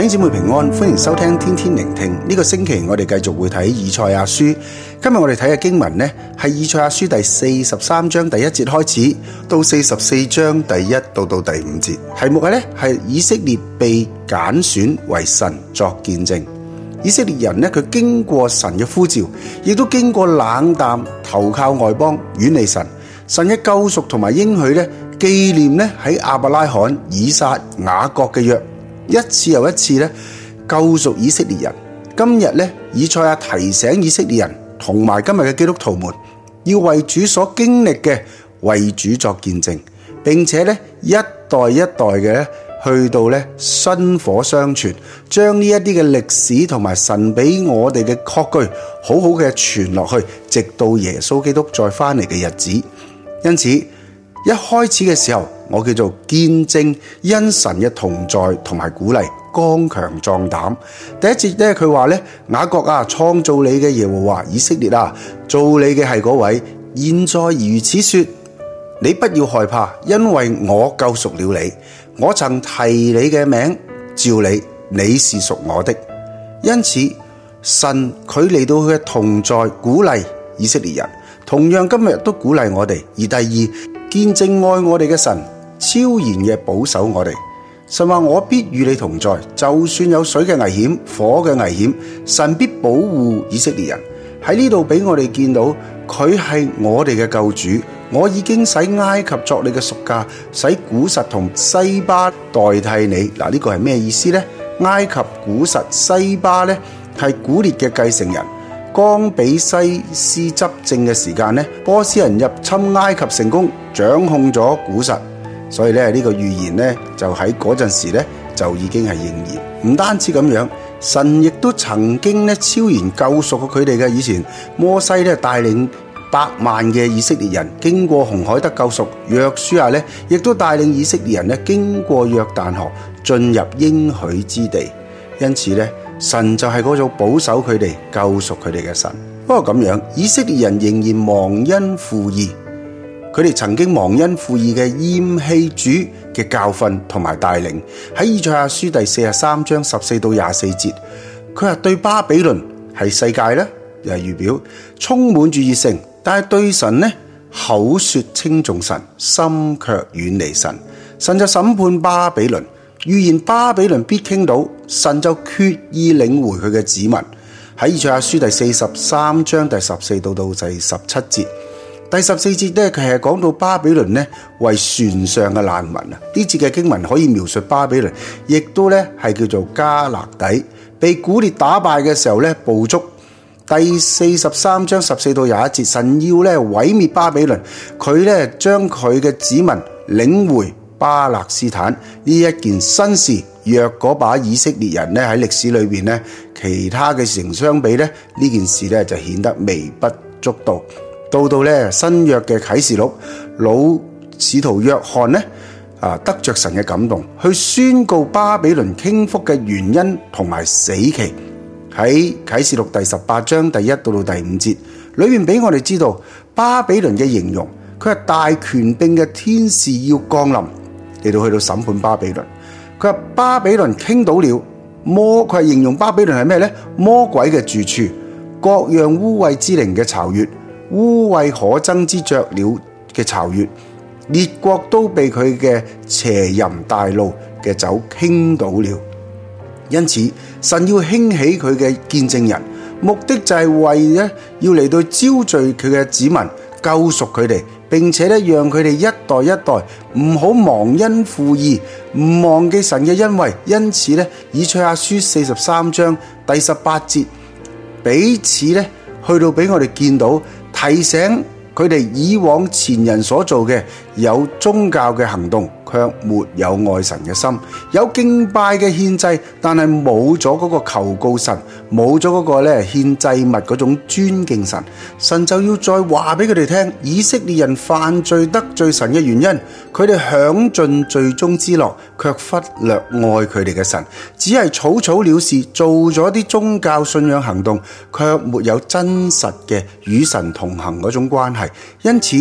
弟兄姊妹平安，歡迎收聽天天聆聽。呢個星期我哋繼續會睇以賽亞書。今日我哋睇嘅經文呢，係以賽亞書第四十三章第一節開始到四十四章第一到到第五節。題目嘅呢係以色列被揀選為神作見證。以色列人呢佢經過神嘅呼召，亦都經過冷淡投靠外邦遠離神。神嘅救贖同埋應許呢，紀念呢喺亞伯拉罕、以撒、雅各嘅約。一次又一次咧救贖以色列人，今日咧以賽亞提醒以色列人同埋今日嘅基督徒們，要為主所經歷嘅為主作見證，並且咧一代一代嘅去到咧薪火相傳，將呢一啲嘅歷史同埋神俾我哋嘅確據好好嘅傳落去，直到耶穌基督再翻嚟嘅日子。因此。一開始嘅時候，我叫做見證因神嘅同在同埋鼓勵，剛強壯膽。第一節咧，佢話咧，雅各啊，創造你嘅耶和華，以色列啊，造你嘅係嗰位。現在如此說，你不要害怕，因為我救贖了你，我曾提你嘅名召你，你是屬我的。因此，神佢嚟到佢嘅同在鼓勵以色列人。同樣今日都鼓勵我哋，而第二，見證愛我哋嘅神超然嘅保守我哋。神話我必與你同在，就算有水嘅危險、火嘅危險，神必保護以色列人。喺呢度俾我哋見到佢係我哋嘅救主。我已經使埃及作你嘅贖價，使古實同西巴代替你。嗱，呢個係咩意思咧？埃及、古實、西巴咧係古列嘅繼承人。剛比西斯執政嘅時間呢，波斯人入侵埃及成功掌控咗古實，所以咧呢個預言呢，就喺嗰陣時咧就已經係應驗。唔單止咁樣，神亦都曾經咧超然救贖過佢哋嘅。以前摩西呢帶領百萬嘅以、以色列人經過紅海得救贖，約書亞呢亦都帶領以色列人咧經過約旦河進入應許之地，因此呢。神就係嗰種保守佢哋救贖佢哋嘅神，不過咁樣以色列人仍然忘恩負義，佢哋曾經忘恩負義嘅厭棄主嘅教訓同埋帶領，喺以賽亞書第四十三章十四到廿四節，佢話對巴比倫係世界咧，又係預表充滿著熱誠。但係對神呢口說稱頌神，心卻遠離神，神就審判巴比倫，預言巴比倫必傾倒。神就決意領回佢嘅子民，喺以賽亞書第四十三章第十四到到第十七節，第十四節咧佢係講到巴比倫咧為船上嘅難民啊，呢節嘅經文可以描述巴比倫，亦都咧係叫做加勒底，被古列打敗嘅時候咧捕捉，第四十三章十四到廿一節，神要咧毀滅巴比倫，佢咧將佢嘅子民領回巴勒斯坦呢一件新事。若嗰把以色列人咧喺歷史裏邊咧，其他嘅事情相比咧，呢件事咧就顯得微不足道。到到咧新約嘅啟示錄，老使徒約翰咧啊，得着神嘅感動，去宣告巴比倫傾覆嘅原因同埋死期。喺啟示錄第十八章第一到到第五節裏面，俾我哋知道巴比倫嘅形容，佢係大權柄嘅天使要降臨，嚟到去到審判巴比倫。佢話巴比倫傾倒了魔，佢係形容巴比倫係咩咧？魔鬼嘅住處，各樣污穢之靈嘅巢穴，污穢可憎之雀鳥嘅巢穴，列國都被佢嘅邪淫大怒嘅酒傾倒了。因此，神要興起佢嘅見證人，目的就係為咧要嚟到招聚佢嘅子民，救贖佢哋。並且咧，讓佢哋一代一代唔好忘恩負義，唔忘記神嘅恩惠。因此咧，以賽阿書四十三章第十八節，彼此咧去到俾我哋見到，提醒佢哋以往前人所做嘅有宗教嘅行動，卻沒有愛神嘅心，有敬拜嘅獻祭，但係冇咗嗰個求告神。冇咗嗰個咧獻祭物嗰種尊敬神，神就要再話俾佢哋聽，以色列人犯罪得罪神嘅原因，佢哋享盡罪中之樂，卻忽略愛佢哋嘅神，只係草草了事，做咗啲宗教信仰行動，卻沒有真實嘅與神同行嗰種關係。因此，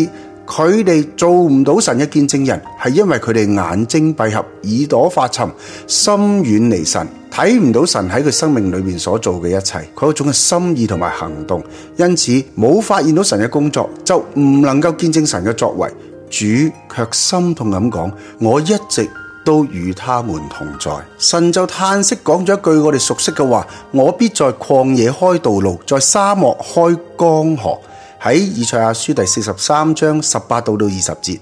佢哋做唔到神嘅見證人，係因為佢哋眼睛閉合，耳朵發沉，心遠離神。睇唔到神喺佢生命裏面所做嘅一切，佢有種嘅心意同埋行動，因此冇發現到神嘅工作，就唔能夠見證神嘅作為。主卻心痛咁講：我一直都與他們同在。神就嘆息講咗一句我哋熟悉嘅話：我必在曠野開道路，在沙漠開江河。喺以賽亞書第四十三章十八到到二十節，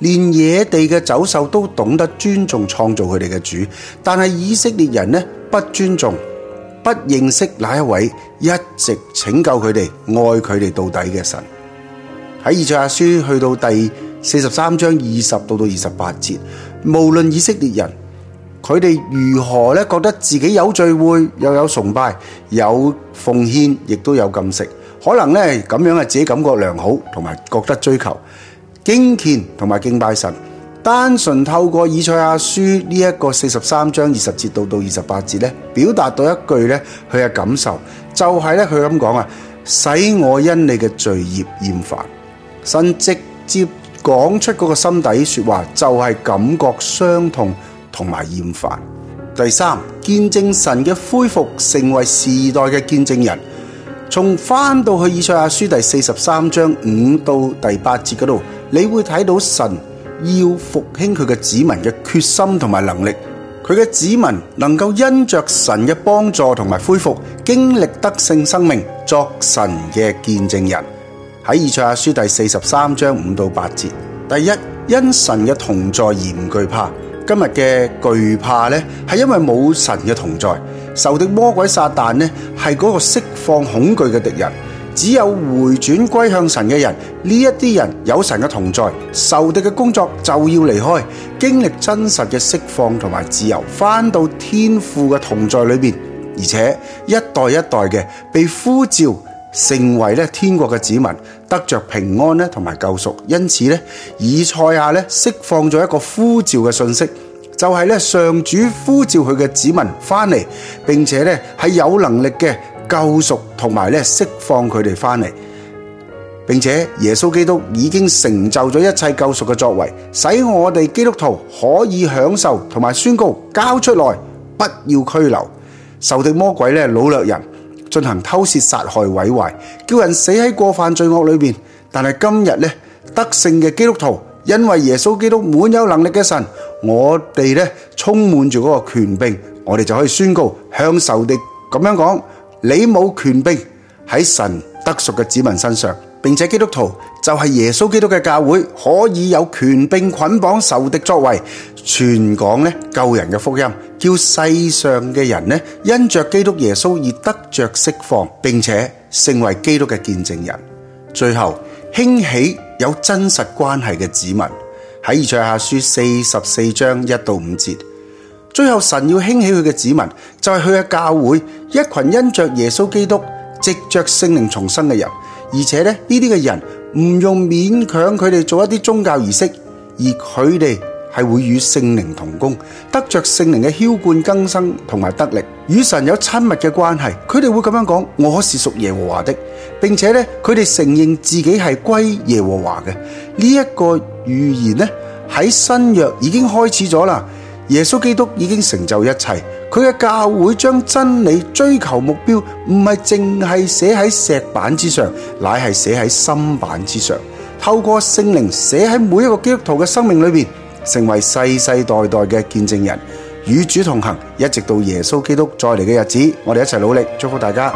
連野地嘅走獸都懂得尊重創造佢哋嘅主，但係以色列人呢，不尊重、不認識那一位一直拯救佢哋、愛佢哋到底嘅神。喺以賽亞書去到第四十三章二十到到二十八節，無論以色列人佢哋如何咧覺得自己有聚會又有，有崇拜、有奉獻，亦都有禁食，可能咧咁樣嘅自己感覺良好，同埋覺得追求。敬虔同埋敬拜神，單純透過以賽亞書呢一個四十三章二十節到到二十八節呢，表達到一句呢：「佢嘅感受就係呢，佢咁講啊，使我因你嘅罪孽厭煩。」神直接講出嗰個心底說話，就係感覺傷痛同埋厭煩。第三，見證神嘅恢復，成為時代嘅見證人，從翻到去以賽亞書第四十三章五到第八節嗰度。你會睇到神要復興佢嘅子民嘅決心同埋能力，佢嘅子民能夠因着神嘅幫助同埋恢復，經歷得勝生命，作神嘅見證人。喺以賽亞書第四十三章五到八節，第一因神嘅同在而唔懼怕。今日嘅懼怕呢，係因為冇神嘅同在，仇敵魔鬼撒旦呢，係嗰個釋放恐懼嘅敵人。只有回轉歸向神嘅人，呢一啲人有神嘅同在，仇敵嘅工作就要離開，經歷真實嘅釋放同埋自由，返到天父嘅同在裏面，而且一代一代嘅被呼召成為咧天國嘅子民，得着平安咧同埋救贖。因此咧，以賽亞咧釋放咗一個呼召嘅信息，就係、是、咧上主呼召佢嘅子民返嚟，並且咧係有能力嘅。救贖同埋咧，釋放佢哋翻嚟，並且耶穌基督已經成就咗一切救贖嘅作為，使我哋基督徒可以享受同埋宣告交出來，不要拘留仇敵魔鬼咧，擄掠人進行偷竊、殺害、毀壞，叫人死喺過犯罪惡裏邊。但係今日咧，得勝嘅基督徒因為耶穌基督滿有能力嘅神，我哋咧充滿住嗰個權柄，我哋就可以宣告向仇敵咁樣講。你冇權柄喺神得贖嘅子民身上，並且基督徒就係耶穌基督嘅教會，可以有權柄捆綁仇敵的作為，傳講咧救人嘅福音，叫世上嘅人咧因着基督耶穌而得着釋放，並且成為基督嘅見證人。最後興起有真實關係嘅子民喺以賽亞書四十四章一到五節。最後神要興起佢嘅子民，就係佢嘅教會，一群因着耶穌基督、藉着聖靈重生嘅人，而且咧呢啲嘅人唔用勉強佢哋做一啲宗教儀式，而佢哋係會與聖靈同工，得着聖靈嘅澆灌更生同埋得力，與神有親密嘅關係。佢哋會咁樣講：我是屬耶和華的，並且呢，佢哋承認自己係歸耶和華嘅。呢、這、一個預言呢，喺新約已經開始咗啦。耶穌基督已經成就一切，佢嘅教會將真理追求目標，唔係淨係寫喺石板之上，乃係寫喺心板之上。透過聖靈寫喺每一個基督徒嘅生命裏邊，成為世世代代嘅見證人，與主同行，一直到耶穌基督再嚟嘅日子。我哋一齊努力，祝福大家。